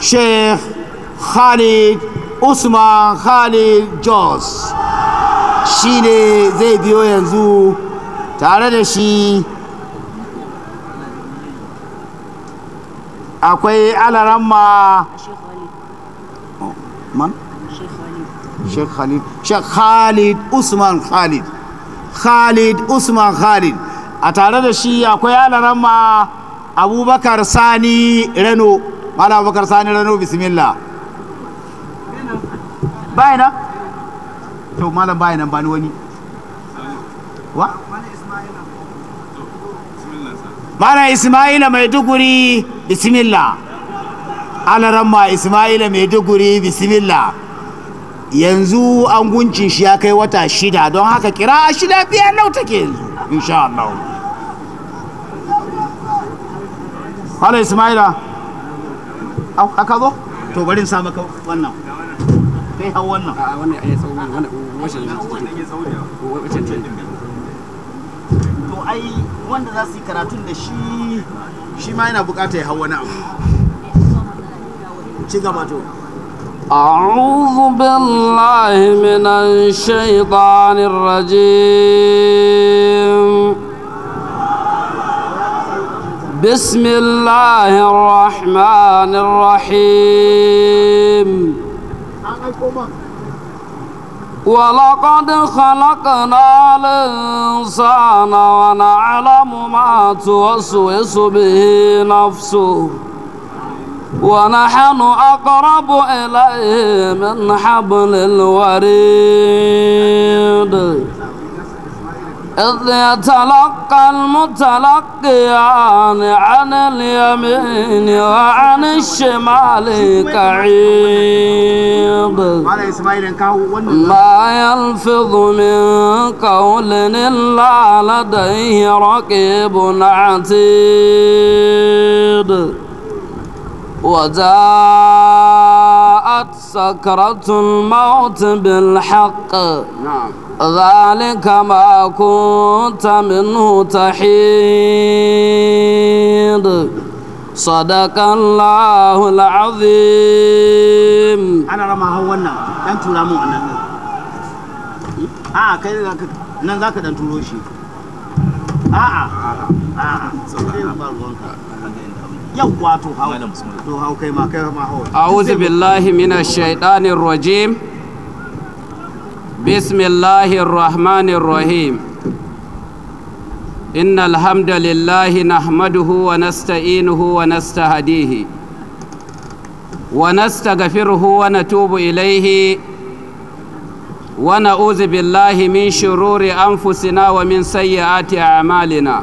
Sheikh Khalid Usman Khalid Jos shi ne zai biyo yanzu tare da shi akwai alaramma man? Sheikh Khalid Sheikh Khalid Usman Khalid Khalid Usman Khalid a tare da shi akwai alaramma abubakar sani reno mala abubakar sani rano bismillah bayana to malam bayana ba ni wani wa mala ismaila mai duguri bismillah ramma ismaila mai duguri bismillah yanzu an gunci shi ya kai wata shida don haka kira shida biyar nau take yanzu insha Allah Malam Ismaila hau haka zo to bari in sa maka wannan kai hau wannan a wannan ya tsawo wannan wace ya tsawo ne to ai wanda za su yi karatun da shi shi ma yana bukata ya hau wani abu ci gaba to أعوذ بالله من الشيطان الرجيم بسم الله الرحمن الرحيم ولقد خلقنا الإنسان ونعلم ما توسوس به نفسه ونحن أقرب إليه من حبل الوريد إذ يتلقى المتلقيان عن اليمين وعن الشمال كعيب ما يلفظ من قول إلا لديه رقيب عتيد وجاء جاءت سكرة الموت بالحق نعم ذلك ما كنت منه تحيد صدق الله العظيم أنا رمى هونا أنت رمو أنا آه كذا nan za ka dan turo shi a'a a'a sai ba ruwanka أعوذ بالله من الشيطان الرجيم بسم الله الرحمن الرحيم إن الحمد لله نحمده ونستعينه ونستهديه ونستغفره ونتوب إليه ونعوذ بالله من شرور أنفسنا ومن سيئات أعمالنا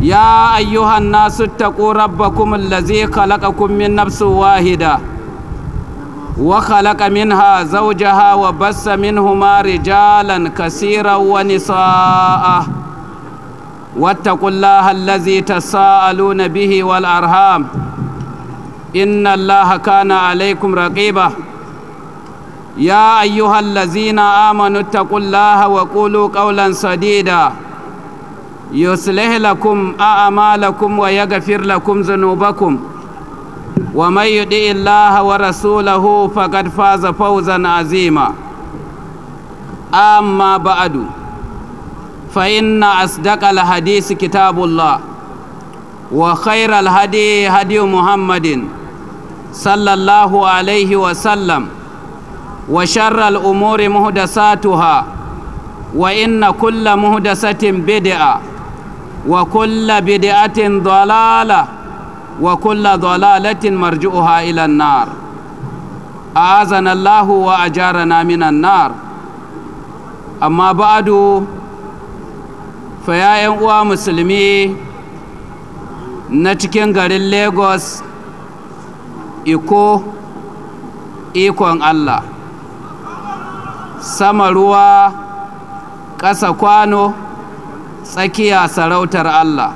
يا أيها الناس اتقوا ربكم الذي خلقكم من نفس واحدة وخلق منها زوجها وبس منهما رجالا كثيرا ونساء واتقوا الله الذي تساءلون به والأرhام إن الله كان عليكم رقيبا يا أيها الذين آمنوا اتقوا الله وقولوا قولا سديدا يصلح لكم أعمالكم ويغفر لكم ذنوبكم ومن يطع الله ورسوله فقد فاز فوزا عظيما أما بعد فإن أصدق الحديث كتاب الله وخير الهدي هدي محمد صلى الله عليه وسلم وشر الأمور مهدساتها وإن كل مهدسة بدعة wa kulla bid'atin dalala wa kulla dalalatin marji'uha ila an-nar a'azana Allahu wa ajarana minan nar amma ba'du fa ƴan uwa musulmi na cikin garin Lagos iko ikon Allah sama ruwa ƙasa kwano tsakiya sarautar Allah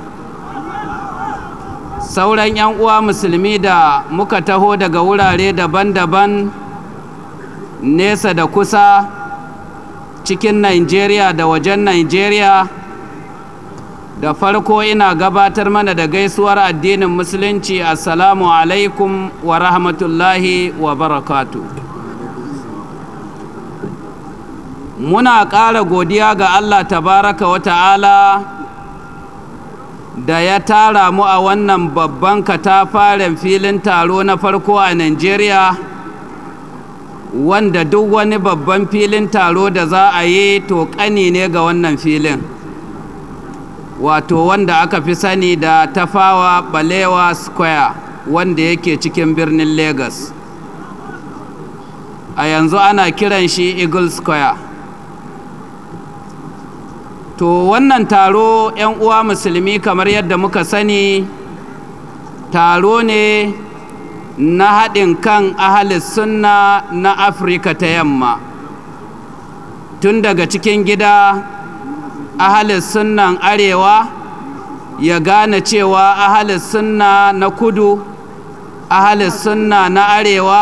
sauran 'yan uwa musulmi da muka taho daga wurare daban-daban nesa da kusa cikin Najeriya da wajen Najeriya da farko ina gabatar mana da gaisuwar addinin musulunci assalamu alaikum wa rahmatullahi wa barakatuh muna ƙara godiya ga Allah tabaraka wa ta'ala da ya tara mu a wannan babban katafaren filin taro na farko a Najeriya wanda duk wani babban filin taro da za a yi to ƙani ne ga wannan filin wato wanda aka fi sani da tafawa balewa square wanda yake cikin birnin lagos a yanzu ana kiran shi eagle square to wannan taro 'yan uwa musulmi kamar yadda muka sani taro ne na haɗin kan ahalis sunna na afirka ta yamma tun daga cikin gida ahalis sunnan arewa ya gane cewa ahalis sunna na kudu ahalis sunna na arewa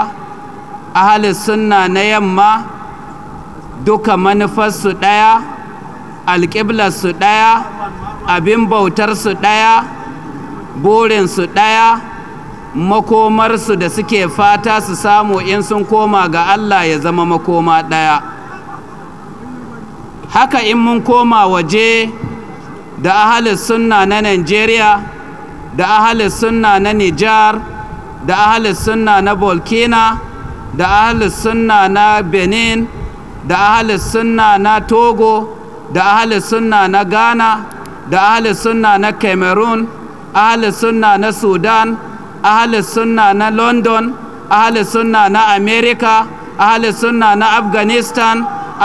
ahalis sunna na yamma duka manufarsu ɗaya su ɗaya abin bautar su ɗaya su ɗaya makomarsu da suke fata su samu in sun koma ga Allah ya zama makoma ɗaya haka in mun koma waje da ahalis sunna na Najeriya da ahalis sunna na Nijar da ahalis sunna na Burkina da ahalis sunna na Benin da ahalis sunna na Togo da ahli sunna na ghana da ahli sunna na cameroon ahli sunna na sudan ahli sunna na london ahli sunna na america ahli sunna na afghanistan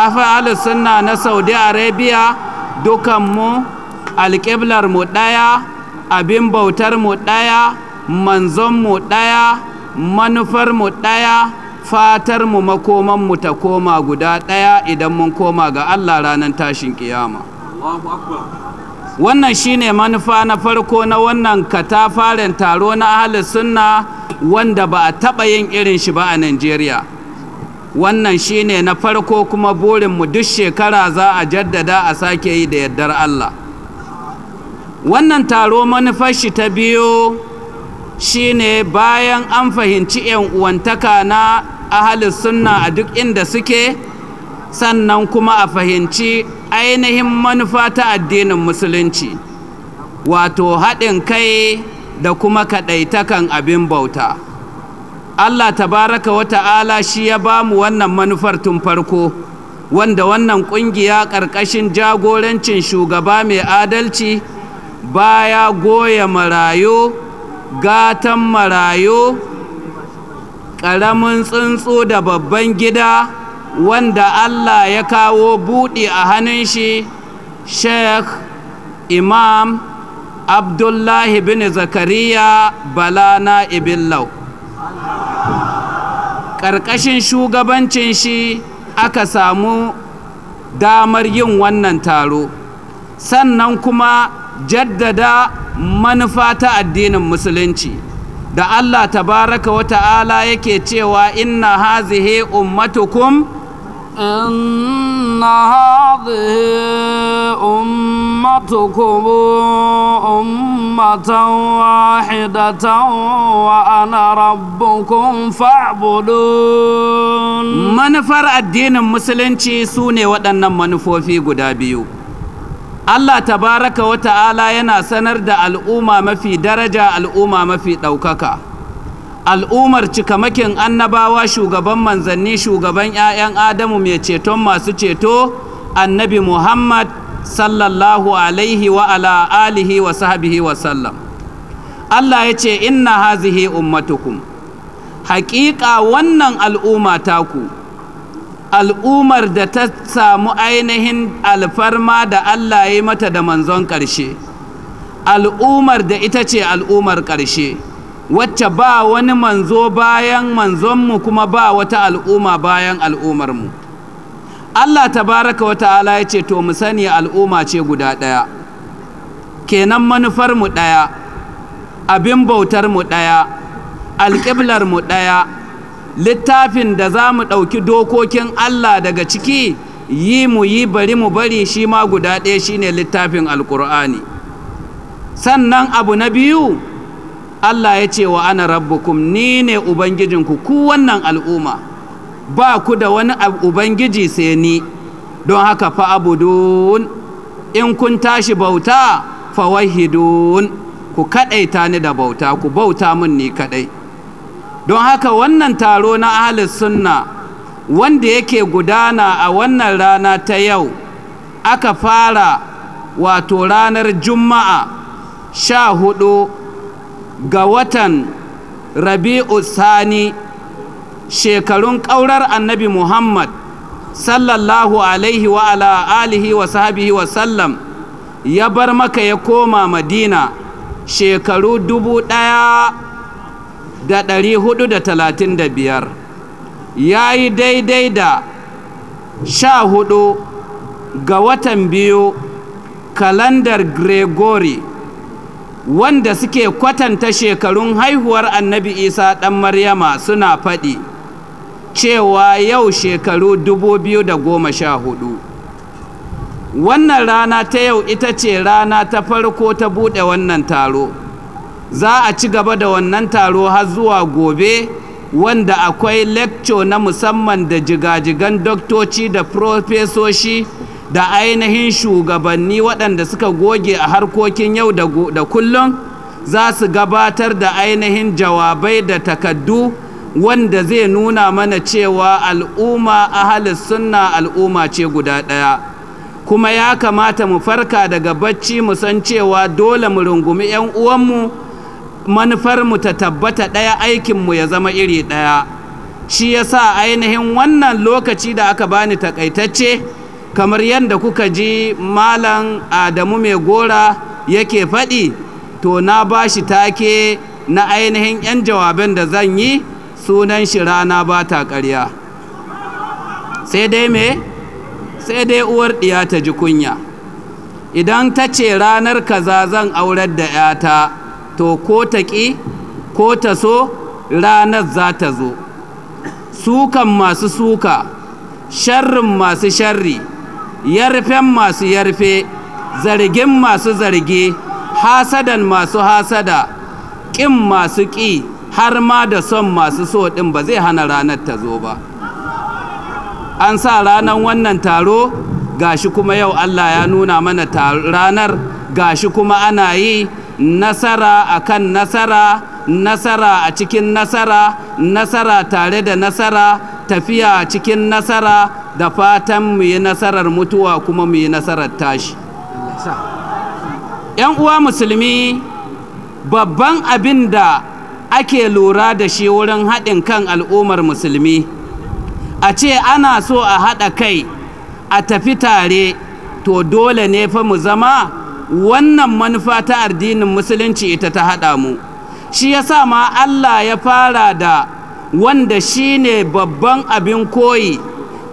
ahli sunna na saudi arabia dukanmu alƙiblar mu ɗaya abin bautar mu ɗaya manzonmu ɗaya manufar mu ɗaya fatar mu makoman mu ta koma guda ɗaya idan mun koma ga Allah ranar tashin kiyama wannan shine manufa na farko na wannan katafaren taro na ahli sunna wanda ba a taɓa yin irin shi ba a Najeriya wannan shine na farko kuma burinmu duk shekara za a jaddada a sake yi da yardar Allah wannan taro manufar shi ta biyu shine bayan an fahimci 'yan uwantaka na ahalis sunna a duk inda suke sannan kuma a fahimci ainihin manufa ta addinin musulunci wato haɗin kai da kuma kaɗaitakan abin bauta allah tabaraka wa ta'ala shi ya ba mu wannan manufar tun farko wanda wannan ƙungiya ƙarƙashin jagorancin shugaba mai adalci baya goya marayu gatan marayo ƙaramin tsuntsu da babban gida wanda Allah ya kawo buɗe a hannun shi sheikh imam abdullahi bin zakariya balana ibillau ƙarƙashin shugabancin shi aka samu damar yin wannan taro sannan kuma jaddada manufa ta addinin musulunci da Allah ta baraka wa ta'ala yake cewa inna hazihi ummatukum inna hazihi ummatukum ummatan wahidatan wa ana rabbukum fa'budun manufar addinin musulunci sune waɗannan manufofi guda biyu Allah tabaraka wa ta'ala yana sanar da al'umma mafi daraja al'umma mafi ɗaukaka al'ummar cikamakin annabawa shugaban manzanni shugaban 'ya'yan adamu mai ceton masu ceto annabi muhammad sallallahu alaihi wa ala alihi wa wa sallam Allah ya ce inna hazihi ummatukum haƙiƙa wannan al'umma taku al'ummar da ta samu ainihin alfarma da Allah ya mata da manzon ƙarshe al'ummar da ita ce al'ummar ƙarshe wacce ba wani manzo bayan manzonmu kuma ba wata al'umma bayan al'ummarmu Allah tabaraka wa ta'ala ya ce to mu sani al'umma ce guda ɗaya kenan manufarmu ɗaya abin bautarmu ɗaya alƙiblarmu ɗaya littafin da za mu ɗauki dokokin Allah daga ciki yi mu yi bari mu bari shi ma guda ɗaya shi ne littafin alkur'ani sannan abu na biyu Allah ya ce wa ana rabbukum ni ne ubangijinku ku wannan al'umma ba ku da wani ubangiji sai ni don haka fa fa'abudun in kun tashi bauta fa wahidun ku kaɗaita ni da bauta ku bauta min ni kaɗai don haka wannan taro na ahalin sunna wanda yake gudana a wannan rana ta yau aka fara wato ranar juma'a sha hudu ga watan rabi'u sani shekarun ƙaurar annabi muhammad sallallahu alaihi wa ala alihi wa sahabihi wa sallam ya bar maka ya koma madina shekaru dubu ɗaya da ɗari hudu da talatin da biyar ya yi daidai da sha hudu ga watan biyu kalandar gregory wanda suke kwatanta shekarun haihuwar annabi isa ɗan maryama suna faɗi cewa yau shekaru dubu biyu da goma sha hudu wannan rana ta yau ita ce rana ta farko ta buɗe wannan taro za a ci gaba da wannan taro har zuwa gobe wanda akwai lecture na musamman da jigajigan doktoci da profesoshi da ainihin shugabanni waɗanda suka goge a harkokin yau da kullum za su gabatar da ainihin jawabai da takaddu wanda zai nuna mana cewa al'umma ahalis sunna al'umma ce guda ɗaya kuma ya kamata mu farka daga bacci mu san cewa dole mu rungumi 'yan uwanmu manufarmu ta tabbata ɗaya aikinmu ya zama iri ɗaya shi ya sa ainihin wannan lokaci da aka bani takaitacce kamar yadda kuka ji malam adamu mai gora yake faɗi to na ba shi take na ainihin 'yan jawaben da zan yi sunan shi rana ba ta ƙarya sai dai me sai dai uwar ɗiya ta ji kunya idan ta ce ranar kaza zan aurar da 'yata to ko ta ƙi ko ta so ranar za ta zo sukan masu suka sharrin masu sharri yarfen masu yarfe zargin masu zarge hasadan masu hasada ƙin masu ƙi har ma da son masu so ɗin ba zai hana ranar ta zo ba an sa ranar wannan taro gashi kuma yau allah ya nuna mana ranar gashi kuma ana yi nasara akan nasara nasara a cikin nasara nasara tare da nasara tafiya a cikin nasara da fatan mu yi nasarar mutuwa kuma mu yi nasarar tashi yan uwa musulmi babban abin da ake lura da shi wurin haɗin kan al'ummar musulmi a ce ana so a haɗa kai a tafi tare to dole ne fa mu zama wannan manufa ta addinin musulunci ita ta haɗa mu shi ya sa ma Allah ya fara da wanda shi ne babban abin koyi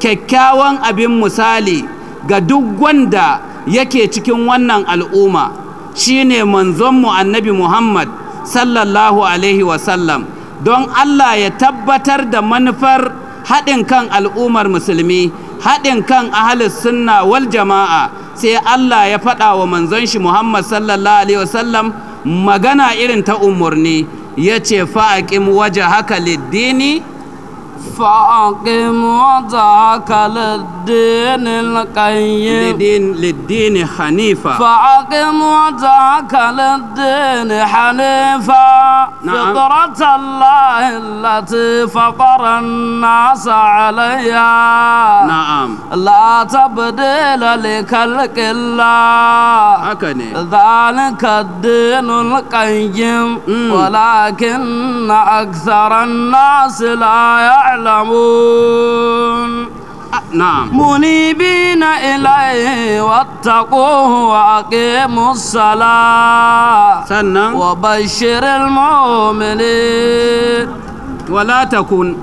kyakkyawan abin misali ga duk wanda yake cikin wannan al'umma shi ne manzonmu annabi Muhammad sallallahu alaihi wasallam don Allah ya tabbatar da manufar haɗin kan al'ummar musulmi haɗin kan ahalis sunna wal jama'a sai Allah ya faɗa wa manzon shi Muhammad sallallahu alaihi wasallam magana irin ta umurni ya ce fa'aƙim waje haka liddini فأقم وجهك للدين القيم لدين للدين حنيفا فأقم وجهك للدين حنيفا نعم. فطرة الله التي فطر الناس عليها نعم لا تبديل لخلق الله أكني. ذلك الدين القيم ولكن أكثر الناس لا يعلم تعلمون نعم منيبين إليه واتقوه وأقيموا الصلاة سنة وبشر المؤمنين ولا تكن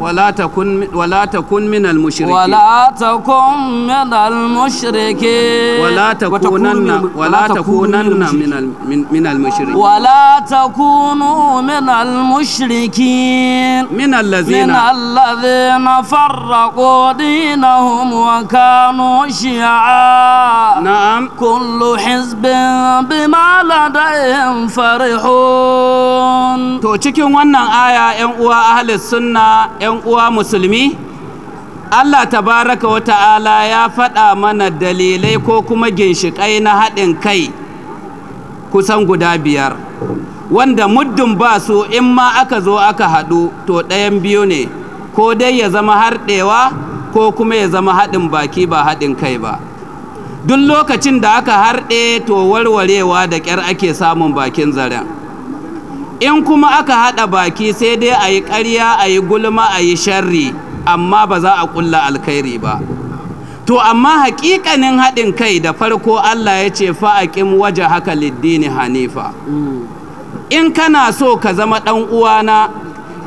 ولا تكن ولا تكن من المشركين ولا تكن من المشركين ولا تكونن ولا تكونن من من المشركين ولا تكونوا من المشركين من الذين من الذين فرقوا دينهم وكانوا شيعا نعم كل حزب بما لديهم فرحون تو cikin wannan aya 'yan uwa ahlus sunna ‘yan uwa musulmi Allah tabaraka wa ta'ala ya faɗa mana dalilai ko kuma ginshiƙai na haɗin kai kusan guda biyar wanda muddin ba su in ma aka zo aka haɗu to ɗayan biyu ne ko dai ya zama harɗewa ko kuma ya zama haɗin baki ba haɗin kai ba duk lokacin da aka harɗe to warwarewa da ƙyar ake samun bakin zaren. in kuma aka haɗa baki sai dai a yi ƙarya a yi gulma a yi sharri amma ba za a ƙulla alkhairi ba to amma haƙiƙanin haɗin kai da farko allah ya ce fa'aƙin waje haka liddini hanifa in kana so ka zama ɗan uwana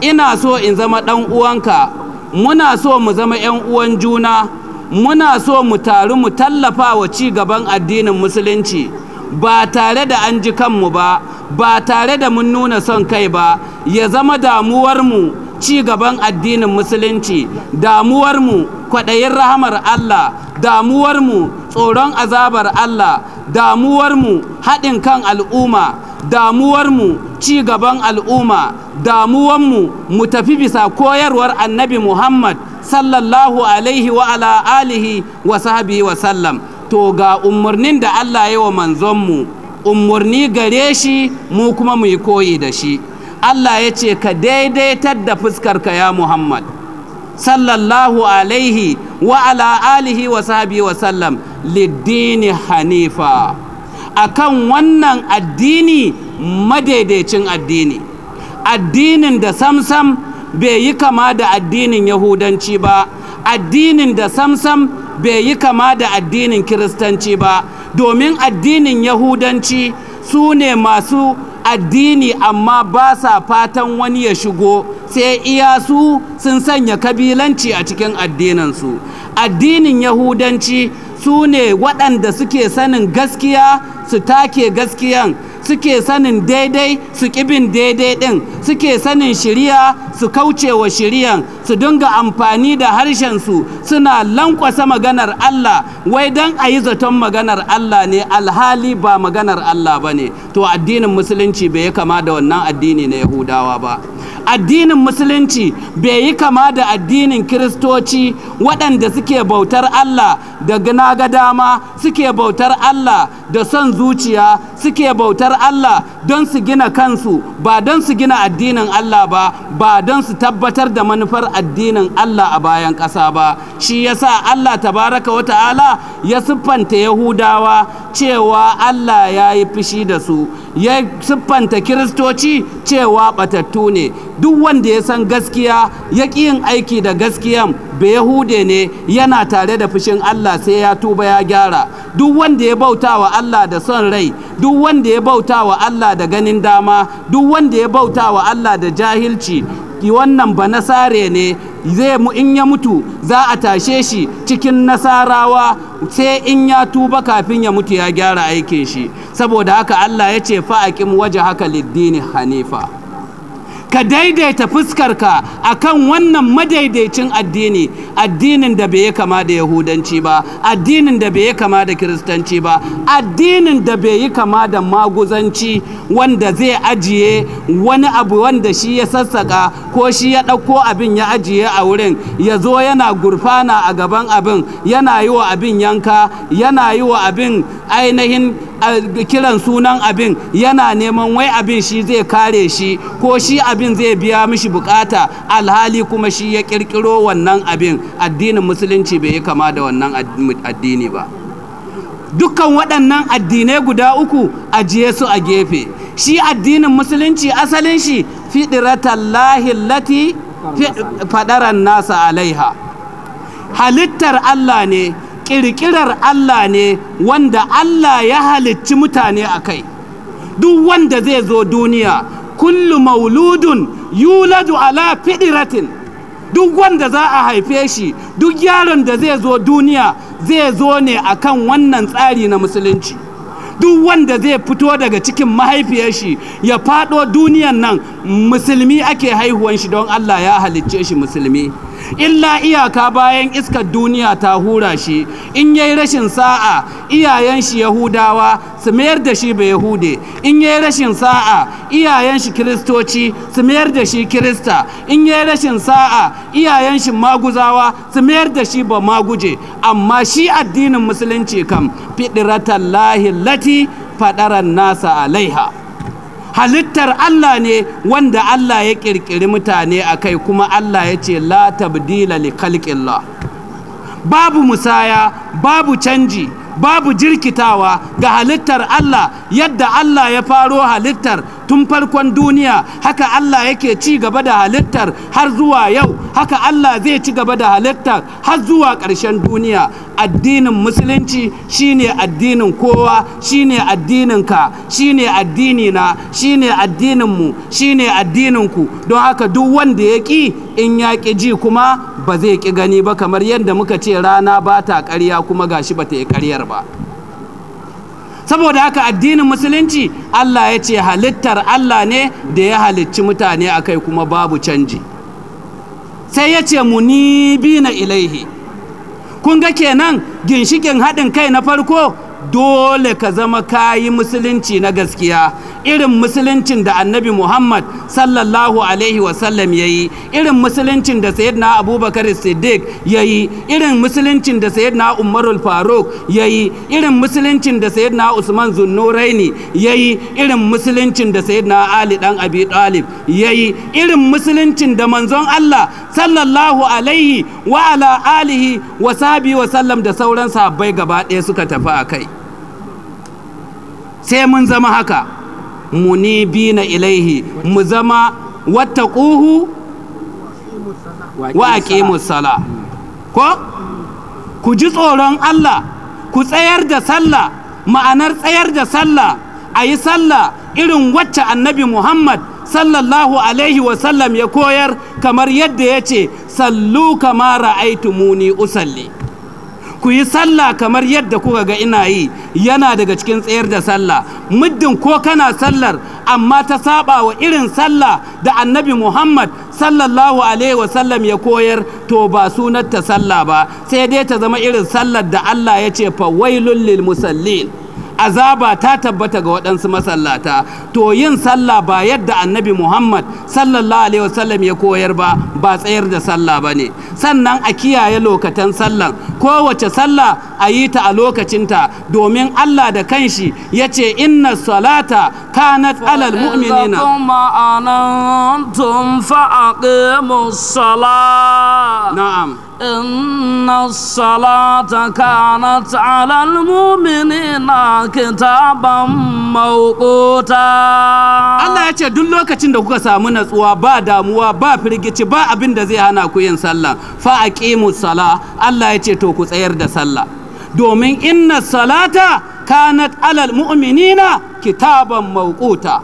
ina so in zama ɗan uwanka muna so mu zama 'yan uwan juna muna so mu taru mu tallafa wa ci gaban addinin musulunci ba tare da an ji kanmu ba ba tare da mun nuna son kai ba ya zama damuwar mu ci gaban addinin musulunci damuwarmu kwaɗayin rahamar Allah damuwar mu tsoron azabar Allah damuwarmu haɗin kan al'umma damuwarmu ci gaban al'umma damuwarmu mu mu tafi bisa koyarwar annabi Muhammad sallallahu alaihi wa ala alihi wa sahabi wa sallam to ga umarnin da Allah ya wa manzonmu umarni gare shi mu kuma mu yi koyi da shi Allah ya ce ka daidaitar da fuskar fuskarka ya Muhammad sallallahu alaihi wa ala alihi wa sahbihi wa sallam liddini hanifa akan wannan addini madaidaicin addini addinin da samsam bai yi kama da addinin yahudanci ba addinin da samsam bai yi kama da addinin kiristanci ba domin addinin yahudanci su ne masu addini amma ba sa fatan wani ya shigo sai iya su sun sanya kabilanci a cikin addininsu addinin yahudanci su ne waɗanda suke sanin gaskiya su take gaskiyan suke sanin daidai su kibin daidai ɗin suke sanin shiriya su kauce wa shiriyan su dinga amfani da harshen su suna lankwasa maganar Allah wai don a yi zaton maganar Allah ne alhali ba maganar Allah ba ne to addinin musulunci bai yi kama da wannan addini na yahudawa ba addinin musulunci bai yi kama da addinin kiristoci waɗanda suke bautar Allah da na ga dama suke bautar Allah da son zuciya suke bautar Allah don su gina kansu ba don su gina addinin Allah ba ba don su tabbatar da manufar addinin Allah a bayan ƙasa ba shi yasa Allah tabaraka wa ta'ala ya siffanta Yahudawa cewa Allah ya yi fushi da su ya siffanta Kiristoci cewa batattu ne duk wanda ya san gaskiya ya ƙi yin aiki da gaskiyan Yahude ne yana tare da fushin Allah sai ya tuba ya gyara duk wanda ya bauta wa Allah da son rai duk wanda ya bauta wa Allah da ganin dama duk wanda ya bauta wa Allah da jahilci wannan ba nasare ne zai mu in ya mutu za a tashe shi cikin nasarawa sai in ya tuba kafin ya mutu ya gyara aikin shi saboda haka Allah ya ce kin waje haka liddini hanifa ka daidaita fuskarka akan wannan madaidaicin addini addinin da bai kama da yahudanci ba addinin da bai kama da kiristanci ba addinin da bai yi kama da maguzanci wanda zai ajiye wani abu wanda shi ya sassaka ko shi ya ɗauko abin ya ajiye a wurin ya zo yana gurfana a gaban abin yana yi wa abin yanka yana yi wa abin ainihin kiran sunan abin yana neman wai abin shi zai kare shi ko shi abin zai biya mishi bukata alhali kuma shi ya kirkiro wannan abin addinin musulunci bai yi kama da wannan addini ba dukkan waɗannan addinai guda uku ajiye su a gefe shi addinin musulunci asalin shi fiɗiratallahi lati faɗaran nasa alaiha halittar Allah ne ƙirƙirar Allah ne wanda Allah ya halicci mutane a kai duk wanda zai zo duniya kullu mauludun yuladu ala fiɗiratin duk wanda za a haife shi duk yaron da zai zo duniya zai zo ne akan wannan tsari na musulunci duk wanda zai fito daga cikin mahaifiyar shi ya fado duniyan nan musulmi ake haihuwan shi don allah ya halicce shi musulmi illa iyaka bayan iskar duniya ta hura shi in yayi rashin sa'a iyayen shi yahudawa su mayar da shi bai yahude in yayi rashin sa'a iyayen shi kiristoci su mayar da shi kirista in yayi rashin sa'a iyayen shi maguzawa su mayar da shi ba maguje amma shi addinin musulunci kam fidratallahi lati fadaran nasa alaiha halittar Allah ne wanda Allah ya ƙirƙiri mutane a kai kuma Allah ya ce la tabdila li khalqillah babu musaya babu canji babu jirkitawa ga halittar Allah yadda Allah ya faro halittar tun farkon duniya haka Allah yake ci gaba da halittar har zuwa yau haka Allah zai ci gaba da halittar har zuwa ƙarshen duniya addinin musulunci shine addinin kowa shine addinin ka shine addini na shine addinin mu shine addinin ku don haka duk wanda ya ƙi in ya ki ji kuma ba zai ki gani ba kamar yadda muka ce rana ba ta ƙarya kuma gashi ba ta yi ƙaryar ba saboda haka addinin musulunci Allah ya ce halittar Allah ne da ya halicci mutane akai kuma babu canji sai ya ce munibina ilaihi kun ga kenan ginshikin haɗin kai na farko dole ka zama kayi musulunci na gaskiya irin musuluncin da annabi muhammad sallallahu alaihi wasallam ya yi irin musuluncin da sayyidina abubakar siddiq ya yi irin musuluncin da sayyidina umarul faruk ya yi irin musuluncin da sayyidina usman zunnuraini ya yi irin musuluncin da sayyidina ali dan abi talib ya yi irin musuluncin da manzon allah sallallahu alaihi wa ala alihi wa sabi wa sallam da sauran sahabbai gaba ɗaya suka tafi a kai sai mun zama haka munibina ilaihi mu zama ƙuhu wa sala ko ku ji tsoron Allah ku tsayar da sallah ma'anar tsayar da sallah a yi sallah irin wacce annabi Muhammad sallallahu alaihi wasallam ya koyar kamar yadda ya ce sallu kama ra'aitumuni usalli ku yi sallah kamar yadda kuka ga ina yi yana daga cikin tsayar da sallah muddin ko kana sallar amma ta saba wa irin sallah da annabi muhammad sallallahu alaihi wasallam ya koyar to ba ta sallah ba sai dai ta zama irin sallar da allah ya ce fawailun lil musallin azaba ta tabbata ga waɗansu masallata to yin sallah ba yadda annabi muhammad sallallahu alaihi wasallam ya koyar ba ba tsayar da sallah ba ne sannan a kiyaye lokatan sallan kowace sallah a yi ta a lokacinta domin Allah da kanshi ya ce inna salata kanat alal mu'minina na'am إن الصلاة كانت على المؤمنين Kitaban موقوتا Allah ya ce duk lokacin da kuka samu natsuwa ba damuwa ba firgici ba abin da zai hana ku yin sallah fa aqimus sala Allah ya ce to ku tsayar da sallah domin inna salata kanat alal mu'minina kitaban mawquta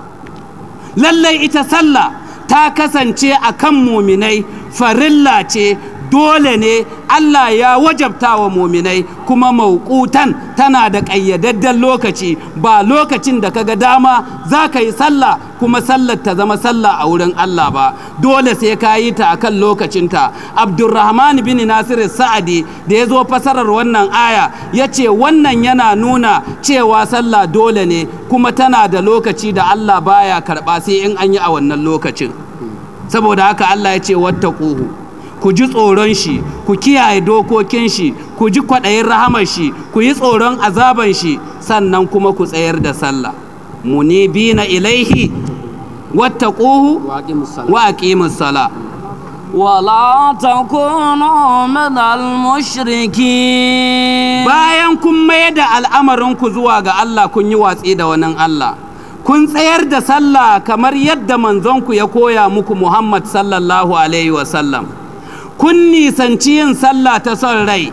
lallai ita sallah ta kasance a kan muminai farilla ce dole ne Allah ya wajabta wa muminai kuma mauƙutan tana da ƙayyadadden lokaci ba lokacin da kaga dama za ka yi sallah kuma sallar ta zama sallah a wurin Allah ba dole sai ka yi ta akan lokacinta Abdurrahman bin Nasir Sa'adi da ya zo fasarar wannan aya ya ce wannan yana nuna cewa sallah dole ne kuma tana da lokaci da Allah baya karɓa sai in an yi a wannan lokacin saboda haka Allah ya ce wattaquhu ku ji tsoron shi ku kiyaye dokokin shi ku ji kwaɗayin rahamar shi ku yi tsoron azaban shi sannan kuma ku tsayar da sallah na ilaihi ƙuhu wa aqimus sala wala takunu min al bayan kun mayar da al'amarin ku zuwa ga Allah kun yi watsi da wani Allah kun tsayar da sallah kamar yadda manzonku ya koya muku Muhammad sallallahu Alaihi wasallam kun nisanci yin sallah ta son rai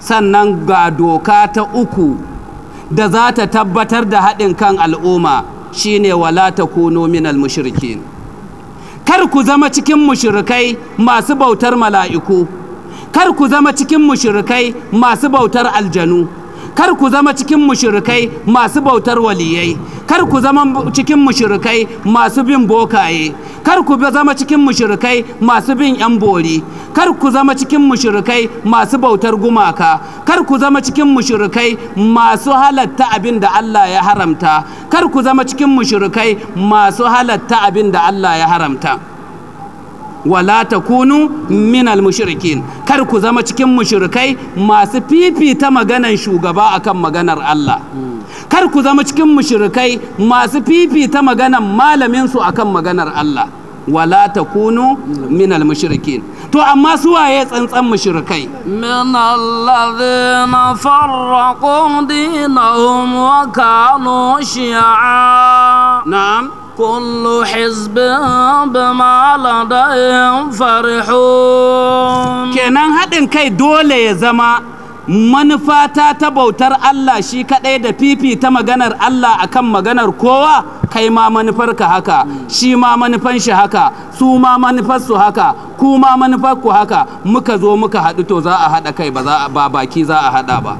sannan ga doka ta uku da za ta tabbatar da haɗin kan al'umma shine wala ta kuno minal mushrikin kar ku zama cikin mushrikai masu bautar mala'iku kar ku zama cikin mushrikai masu bautar aljanu kar ku zama cikin mushrikai masu bautar waliyai kar ku zama cikin mushrikai masu bin bokaye kar ku zama cikin mushrikai masu bin yan bori kar ku zama cikin mushrikai masu bautar gumaka kar ku zama cikin mushrikai masu halatta abin da Allah ya haramta kar ku zama cikin mushrikai masu halatta abin da Allah ya haramta wala takunu minal mushrikin kar ku zama cikin mushrikai masu fifita maganan shugaba akan maganar Allah kar ku zama cikin mushrikai masu fifita maganan malamin su akan maganar Allah wala takunu minal mushrikin to amma su waye tsantsan mushrikai min alladhina farraqu dinahum wa kanu shi'a na'am كل حزب بما لديهم فرحون kenan haɗin kai dole ya zama manufata ta bautar Allah shi kaɗai da fifita maganar Allah akan maganar kowa kai ma manufarka haka shi ma manufan shi haka su ma manufarsu haka ku ma manufarku haka muka zo muka haɗu to za a haɗa kai ba baki za a haɗa ba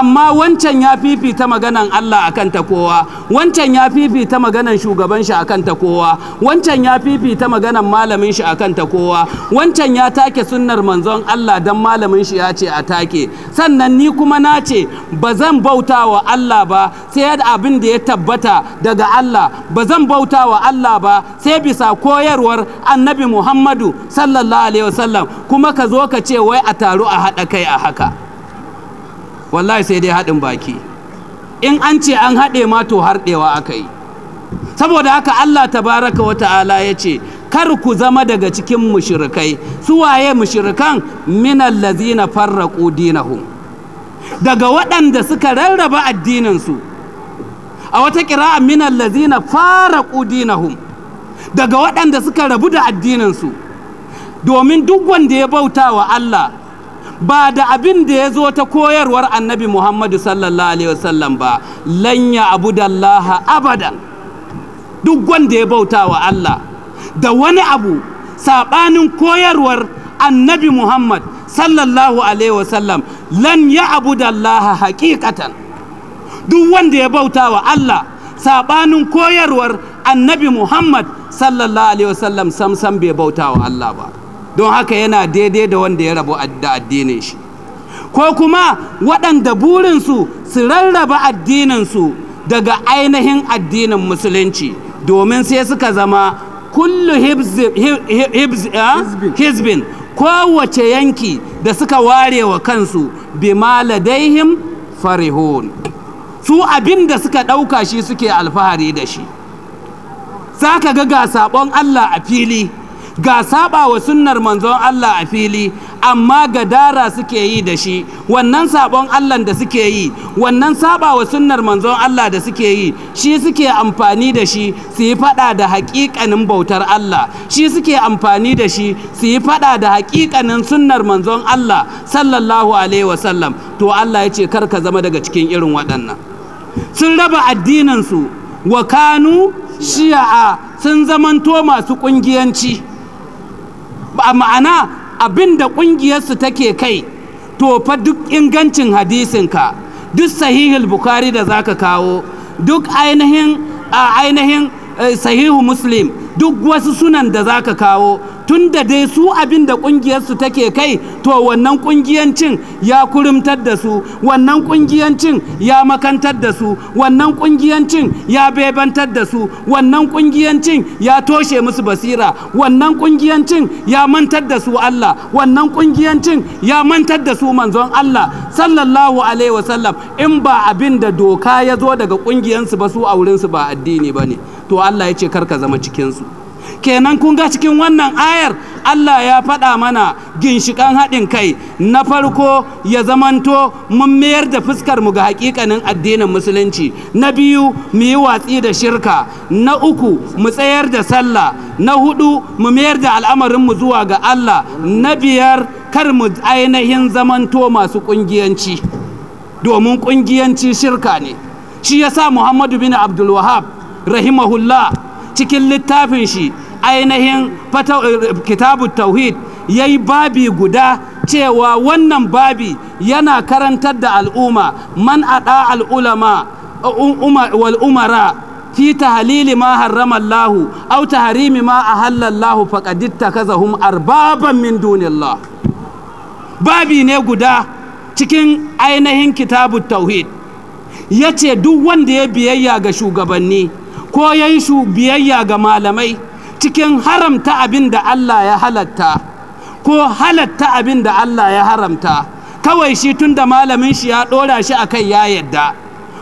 amma wancan ya fifita maganan Allah a ta kowa wancan ya fifita maganan shugaban shi a ta kowa wancan ya fifita maganan malamin shi a ta kowa wancan ya take sunnar manzon Allah dan malamin shi ya ce a take sannan ni kuma na ce ba zan bauta wa Allah ba sai abin da ya tabbata daga Allah ba zan bauta wa Allah ba sai bisa koyarwar annabi Muhammadu sallallahu alaihi wasallam kuma ka zo ka ce wai a taru a haɗa kai a haka wallahi sai dai haɗin baki in an ce an haɗe ma to harɗewa aka yi saboda haka Allah tabaraka wa ta'ala ya ce kar ku zama daga cikin mushrikai su waye mushrikan minal lazina farraqu dinahum daga waɗanda suka rarraba addininsu, a wata kira'a minal lazina farraqu dinahum daga waɗanda suka rabu da addininsu, domin duk wanda ya bauta wa Allah ba da abin da ya zo ta koyarwar annabi muhammadu sallallahu alaihi wasallam ba lanya abu dallaha abadan duk wanda ya bauta wa allah da wani abu saɓanin koyarwar annabi muhammad sallallahu alaihi wasallam lan ya abu dallaha hakikatan duk wanda ya bauta wa allah saɓanin koyarwar annabi muhammad sallallahu alaihi wasallam sam bai bauta wa allah ba don haka yana daidai da wanda ya rabu da addinin shi ko kuma waɗanda burinsu su rarraba addininsu daga ainihin addinin musulunci domin sai suka zama kullu ah? hizbin kowace yanki da suka ware wa kansu bi maladaihim farihun su abin da suka ɗauka shi suke alfahari da shi za ka ga ga saɓon allah a fili ga saba wa sunnar manzon Allah a fili amma gadara suke yi da shi wannan sabon Allah da suke yi wannan saba wa sunnar manzon Allah da suke yi shi suke amfani da shi su yi fada da haƙiƙanin bautar Allah shi suke amfani da shi su yi fada da haƙiƙanin sunnar manzon Allah sallallahu alaihi wasallam to Allah ya ce kar ka zama daga cikin irin waɗannan sun raba addininsu wa kanu shi'a sun zamanto masu ƙungiyanci ma'ana abin da ƙungiyarsu take kai to fa duk ingancin hadisinka duk sahihul bukari da zaka kawo duk ainihin ainihin eh, sahihu muslim duk wasu sunan da za ka kawo tun da dai su abin da ƙungiyarsu take kai to wannan ƙungiyancin ya kurumtar da su wannan ƙungiyancin ya makantar da su wannan ƙungiyancin ya bebantar da su wannan ƙungiyancin ya toshe musu basira wannan ƙungiyancin ya mantar da su Allah wannan ƙungiyancin ya mantar da su manzon Allah sallallahu alaihi wasallam in ba abin da doka ya zo daga ƙungiyarsu ba su a wurinsu ba addini ba ne. to Allah ya ce karka zama cikinsu kenan kun ga cikin wannan ayar Allah ya faɗa mana ginshikan haɗin kai na farko ya zamanto mun mayar da fuskar mu ga haƙiƙanin addinin musulunci na biyu mu yi watsi da shirka na uku mu tsayar da sallah na hudu mu mayar da al'amarinmu zuwa ga Allah na biyar kar mu ainihin zamanto masu ƙungiyanci domin ƙungiyanci shirka ne shi yasa Muhammadu bin Abdul Wahab rahimahullah cikin littafin shi ainihin eh, kitabu tauhid ya yi babi guda cewa wannan babi yana karantar da al'umma man aɗa al'ulama wal umara fi halili ma harrama au au harimi ma ahalla Allahu faqad ittakazahum arbaban min dunillah babi ne guda cikin ainihin kitabu tauhid ya ce duk wanda ya biyayya ga shugabanni ko ya yi biyayya ga malamai cikin haramta abin da Allah ya halatta ko halatta abin da Allah ya haramta kawai shi tun da malamin shi ya ɗora shi a kai ya yadda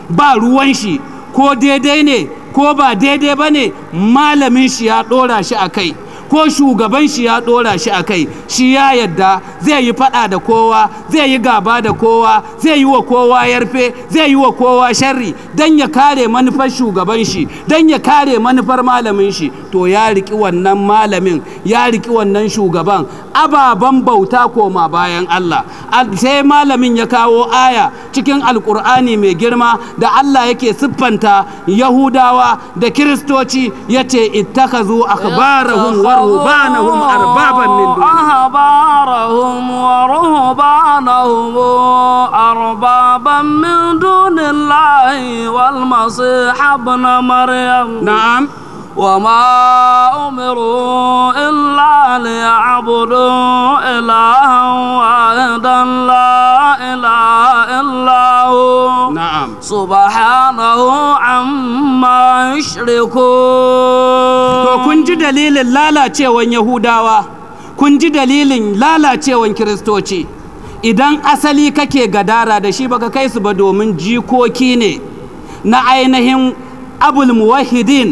ba ruwan shi ko daidai ne ko ba daidai ba ne malamin shi ya ɗora shi a kai ko shugaban shi ya ɗora shi a kai shi ya yadda zai yi fada da kowa zai yi gaba da kowa zai yi wa kowa yarfe zai yi wa kowa sharri don ya kare manufar shugaban shi don ya kare manufar malamin shi to ya riki wannan malamin ya riki wannan shugaban ababan bauta koma bayan Allah sai malamin ya kawo aya cikin alkur'ani mai girma da Allah yake siffanta yahudawa da kiristoci ya ce ittakazu akhbarahum war ورهبانهم أربابا من دون أحبارهم ورهبانهم أربابا من دون الله والمسيح ابن مريم نعم وما أمروا إلا ليعبدوا إلها واحدا لا إله نعم سبحانه عما to kun ji dalilin lalacewan yahudawa kun ji dalilin lalacewan kiristoci idan asali kake gadara da shi baka kai su ba domin jikoki ne na ainihin abul muwahidin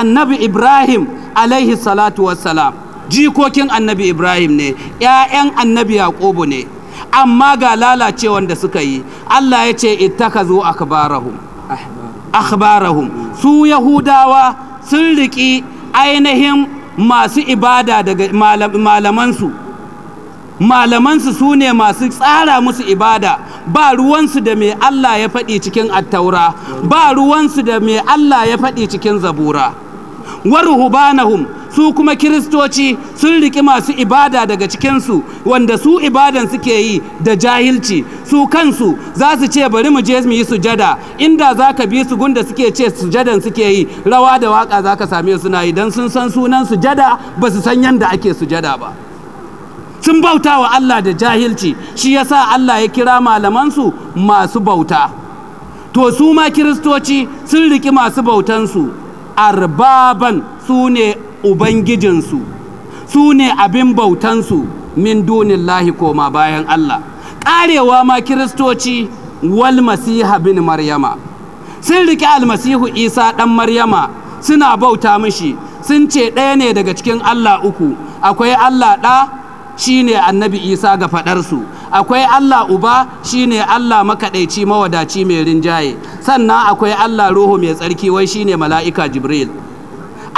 annabi ibrahim alaihi salatu wassalam jikokin annabi ibrahim ne 'ya'yan annabi Yaqubu ne amma ga lalacewan da suka yi Allah ya ce ittakazu akbarahum akhbarahum su yahudawa sun riƙi ainihin masu ibada daga malamansu malamansu su ne masu tsara musu ibada ba ruwansu da mai Allah ya faɗi cikin attaura ba ruwansu da mai Allah ya faɗi cikin zabura waruhubanahum su kuma kiristoci sun riki masu ibada daga cikinsu wanda su ibadan suke yi da jahilci su kansu za su ce bari mu je mu yi sujada inda za ka bi su gunda suke ce sujadan suke yi rawa da waka za ka same suna yi don sun san sunan sujada ba su san yadda ake sujada ba sun bauta wa Allah da jahilci shi yasa Allah ya kira malamansu masu bauta to su ma kiristoci sun riki masu bautansu arbaban su ne ubangijinsu su ne abin bautansu min dunin lahi koma bayan Allah ƙarewa ma kiristoci wal masiha bin maryama sun riƙe almasihu isa ɗan maryama suna bauta mishi sun ce ɗaya ne daga cikin Allah uku akwai Allah ɗa shine annabi isa ga faɗarsu akwai Allah uba shine Allah makaɗaici mawadaci mai rinjaye sannan akwai Allah ruhu mai tsarki wai shine mala'ika jibril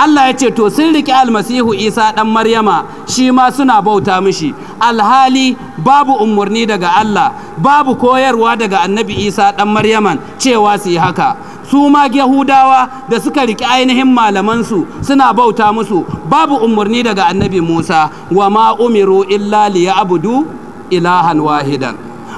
Allah ya ce to sun riƙe almasihu isa ɗan maryama shi ma suna bauta mishi alhali babu umarni daga Allah babu koyarwa daga annabi isa ɗan maryaman cewa su yi haka su ma yahudawa da suka riƙe ainihin malamansu suna bauta musu babu umarni daga annabi musa wa ma umiru illa liya abudu ilahan wahidan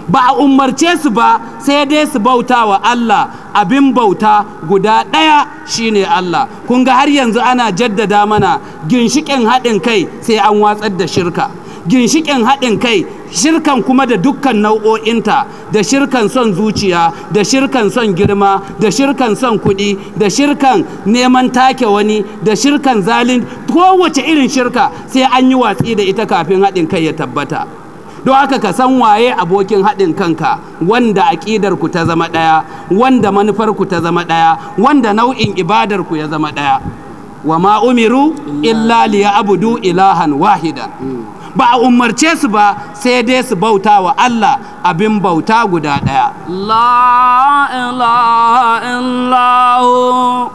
ba a umarce su ba sai dai su bauta wa Allah abin bauta guda ɗaya shine Allah kun ga har yanzu ana jaddada mana ginshiƙin haɗin kai sai an watsar da shirka ginshiƙin haɗin kai shirkan kuma da dukkan nau'o'inta da shirkan son zuciya da shirkan son girma da shirkan son kuɗi da shirkan neman take wani da shirkan zalin kowace irin shirka sai an yi watsi da ita kafin haɗin kai ya tabbata don haka ka san waye abokin haɗin kanka wanda aƙidar ku ta zama ɗaya wanda manufar ku ta zama ɗaya wanda nau'in ibadar ku ya zama ɗaya wa ma umiru illa liya'budu ilahan wahida. ba a umarce su ba sai dai su bauta wa Allah abin bauta guda ɗaya. La ilaha illahu.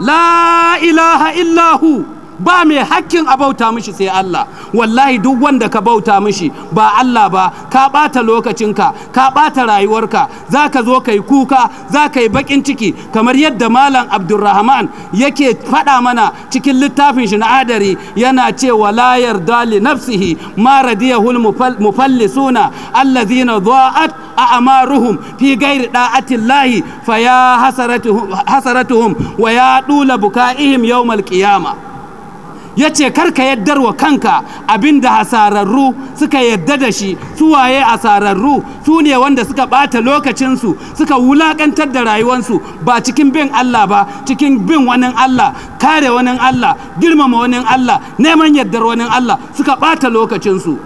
La ilaha illahu. ba mai hakkin a bauta mishi sai Allah wallahi duk wanda ka bauta mishi ba Allah ba ka ɓata lokacinka ka ɓata rayuwarka za ka zo ka yi kuka za ka yi baƙin ciki kamar yadda malam abdulrahman yake faɗa mana cikin littafin shi na adari yana cewa la yarda li nafsihi ma radiyahul mufallisuna allazina dha'at a amaruhum fi ghairi da'atillahi fa ya hasaratuhum wa ya dula buka'ihim yawmal qiyamah ya ce karka yaddar wa kanka abin da hasararru suka yadda da shi su waye hasararru su ne wanda suka ɓata lokacinsu suka wulaƙantar da rayuwarsu ba cikin bin Allah ba cikin bin wani Allah kare wani Allah girmama wani Allah neman yaddar wani Allah suka ɓata lokacinsu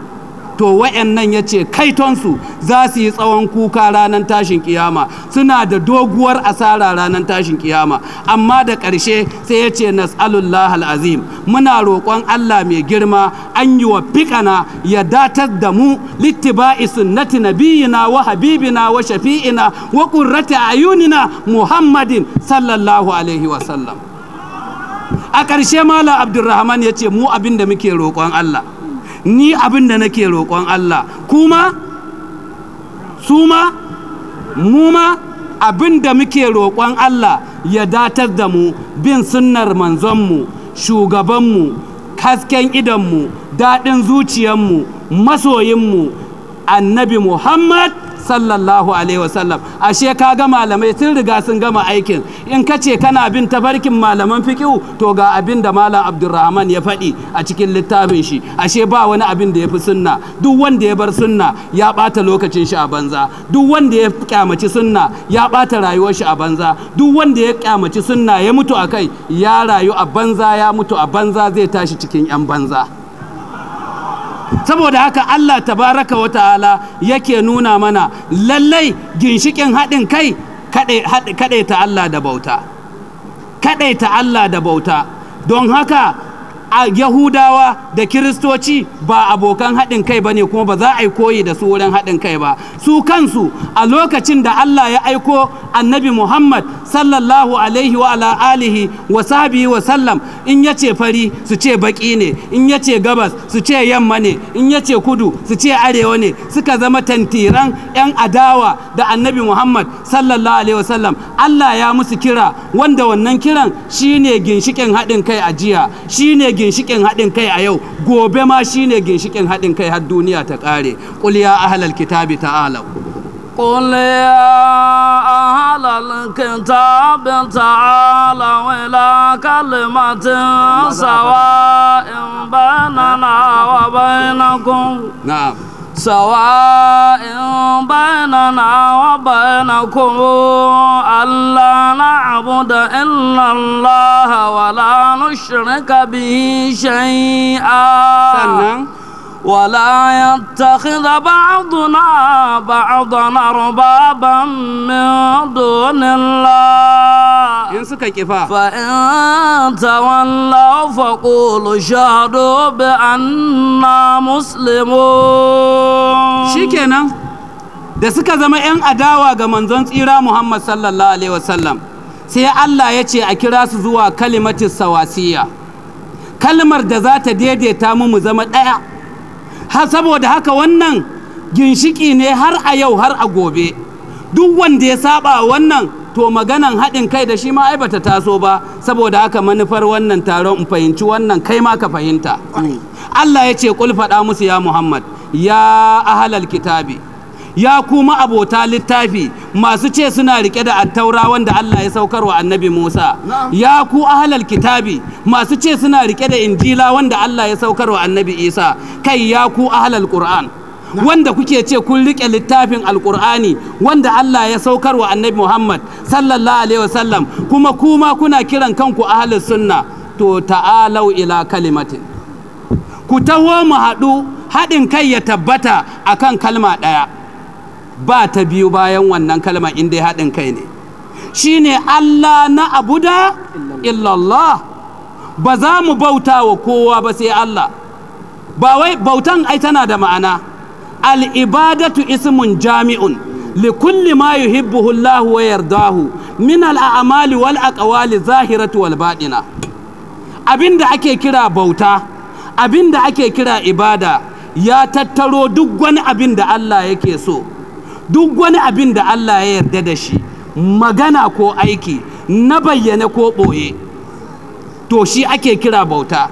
to wa'annan ya ce kaitonsu za su yi tsawon kuka ranar tashin kiyama suna da doguwar asara ranar tashin kiyama amma da ƙarshe sai ya ce nas'alullah al'azim muna roƙon Allah mai girma an yi wa fikana ya datar da mu littiba'i sunnati nabiyina wa habibina wa shafi'ina wa qurrati ayunina muhammadin sallallahu alaihi wa sallam a ƙarshe malam abdulrahman ya ce mu abinda muke roƙon Allah ni abin da nake roƙon Allah kuma su ma mu ma abin da muke roƙon Allah ya datar da mu bin sunnar manzonmu shugabanmu hasken idanmu daɗin zuciyarmu masoyinmu annabi Muhammad sallallahu alaihi wasallam ashe ka ga malamai sun riga sun gama aikin in ka ce kana bin tafarkin malaman fiqhu to ga abinda da malam abdurrahman ya faɗi a cikin littafin shi ashe ba wani abin da ya fi sunna duk wanda ya bar sunna ya bata lokacin shi a banza duk wanda ya kyamaci sunna ya ɓata rayuwar shi a banza duk wanda ya kyamaci sunna ya mutu a kai ya rayu a banza ya mutu a banza zai tashi cikin 'yan banza. saboda haka Allah tabaraka wa ta'ala yake nuna mana lallai ginshikin haɗin kai kaɗaita Allah da bauta kaɗaita Allah da bauta don haka a yahudawa da kiristoci ba abokan haɗin kai ba ne kuma ba za a yi koyi da su wurin haɗin kai ba su kansu a lokacin da allah ya aiko annabi muhammad sallallahu alaihi wa alihi wa sahbihi wa sallam in yace fari su ce baƙi ne in yace gabas su ce yamma ne in yace kudu su ce arewa ne suka zama tantiran 'yan adawa da annabi muhammad sallallahu alaihi wa sallam allah ya musu kira wanda wannan kiran shine ginshikin haɗin kai a jiya shine ginshikin haɗin kai a yau gobe ma shine ginshikin haɗin kai har duniya ta ƙare qul ya ahlal kitabi ta'alau قل يا أهل الكتاب تعالوا إلى كلمة na wa وبينكم na'am سواء بيننا وبينكم ألا نعبد إلا الله ولا نشرك به شيئا ولا يتخذ بعضنا بعضا أربابا من دون الله إن سكيفا فإن تولوا فقولوا شهدوا بأننا مسلمون شكرا da suka zama 'yan adawa ga manzon tsira Muhammad sallallahu Alaihi wasallam sai Allah ya ce a kira su zuwa kalimatin sawasiya kalmar da za ta daidaita mu mu zama ɗaya saboda haka wannan ginshiki ne har a yau har a gobe duk wanda ya saba wannan to maganan haɗin kai da shi ma ai bata taso ba saboda haka manufar wannan taron in fahimci wannan kai ma ka fahimta Allah ya ce kul faɗa musu ya Muhammad ya ahalal kitabi ya kuma abota littafi masu ce suna rike da attaura wanda Allah ya saukar wa annabi Musa ya ku ahlal kitabi masu ce suna rike da injila wanda Allah ya saukar wa annabi Isa kai ya ku ahlal qur'an wanda kuke ce kun rike littafin alkur'ani wanda Allah ya saukar wa annabi Muhammad sallallahu alaihi wasallam kuma kuma kuna kiran kanku ahlus sunna to ta'alau ila kalimatin ku taho mu haɗu haɗin kai ya tabbata akan kalma ɗaya ba ta biyu bayan wannan kalma in dai haɗin kai ne Shi ne Allah na abu da illallah ba za mu bauta wa kowa ba sai Allah ba wai bautan ai tana da ma'ana al'ibadatu ismun jami'un li kulli ma yuhibbuhu Allah wa yardahu min al'amali wal aqwali zahiratu wal baɗina da ake kira bauta abin da ake kira ibada ya tattaro duk wani abin da Allah yake so duk wani abin da Allah ya yarda da shi magana ko aiki na bayyane ko ɓoye to shi ake kira bauta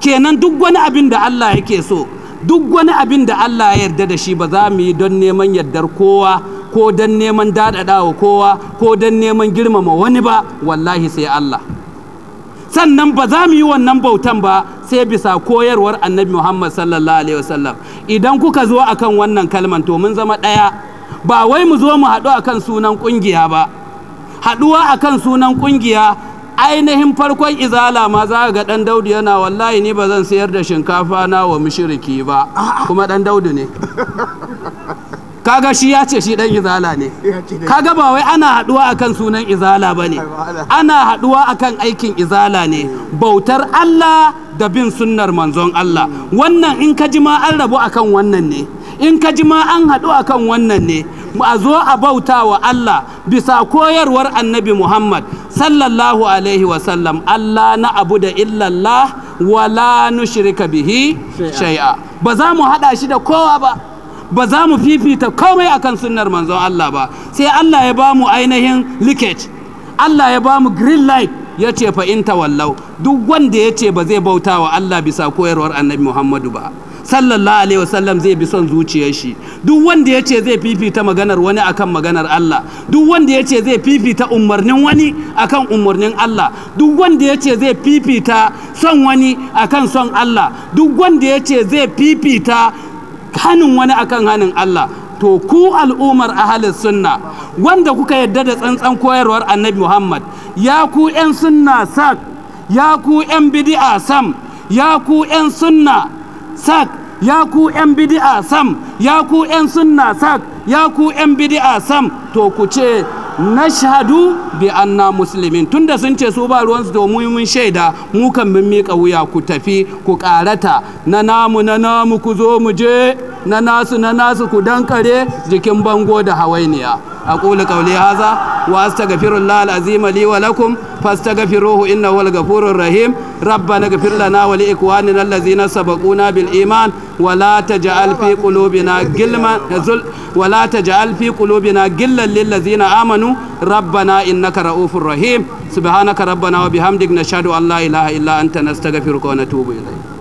kenan duk wani abin da Allah yake so duk wani abin da Allah ya yarda da shi ba za mu yi don neman yardar kowa ko don neman daɗaɗawa kowa ko don neman girmama wani ba wallahi sai Allah sannan ba za mu yi wannan bautan ba sai bisa koyarwar annabi Muhammad sallallahu alaihi wasallam idan kuka zo akan wannan kalman to mun zama ɗaya ba wai mu zo mu haɗu a kan sunan ƙungiya ba haɗuwa a kan sunan ƙungiya ainihin farkon izala ma za ga ɗan daudu yana wallahi ni ba zan sayar da shinkafa na wa mushiriki ba kuma ɗan daudu ne kaga shi ya ce shi ɗan izala ne kaga ba wai ana haɗuwa akan sunan izala ba ne ana haɗuwa akan aikin izala ne bautar Allah da bin sunnar manzon Allah wannan in ka ji ma an rabu akan wannan ne in ka ji ma an haɗu akan wannan ne a zo a bauta wa Allah bisa koyarwar annabi Muhammad sallallahu alaihi wasallam Allah na abu da illallah wala nushrika bihi shai'a ba za mu haɗa shi da kowa ba ba za mu fifita komai akan sunnar manzon Allah ba sai Allah ya ba mu ainihin liket Allah ya ba mu green light ya ce fa in duk wanda ya ce ba zai bauta wa Allah bisa koyarwar annabi Muhammadu ba sallallahu alaihi wasallam zai bi son zuciyar shi duk wanda ya ce zai fifita maganar wani akan maganar Allah duk wanda ya zai fifita umarnin wani akan umarnin Allah duk wanda ya zai fifita son wani akan son Allah duk wanda ya zai fifita hanin wani akan hanin Allah to ku al'ummar ahalin sunna wanda kuka yarda da tsantsan koyarwar annabi muhammad ya ku 'yan sunna sak ya ku 'yan bidi'a sam ya ku 'yan sunna sak ya ku 'yan bidi'a sam ya ku 'yan sunna sak ya ku 'yan bidi'a sam to ku ce na shahadu bi anna musulmin tunda sun ce su ba ruwansu domin mun shaida mu kan mun miƙa wuya ku tafi ku ƙarata na namu na namu ku zo mu je na nasu na nasu ku dankare jikin bango da hawainiya aqulu qawli hadha wa astaghfirullah alazim li wa lakum fastaghfiruhu innahu alghafurur rahim ربنا اغفر لنا ولإخواننا الذين سبقونا بالإيمان ولا تجعل في قلوبنا غلا ولا تجعل في قلوبنا غلا للذين آمنوا ربنا إنك رؤوف رحيم سبحانك ربنا وبحمدك نشهد أن لا إله إلا أنت نستغفرك ونتوب إليك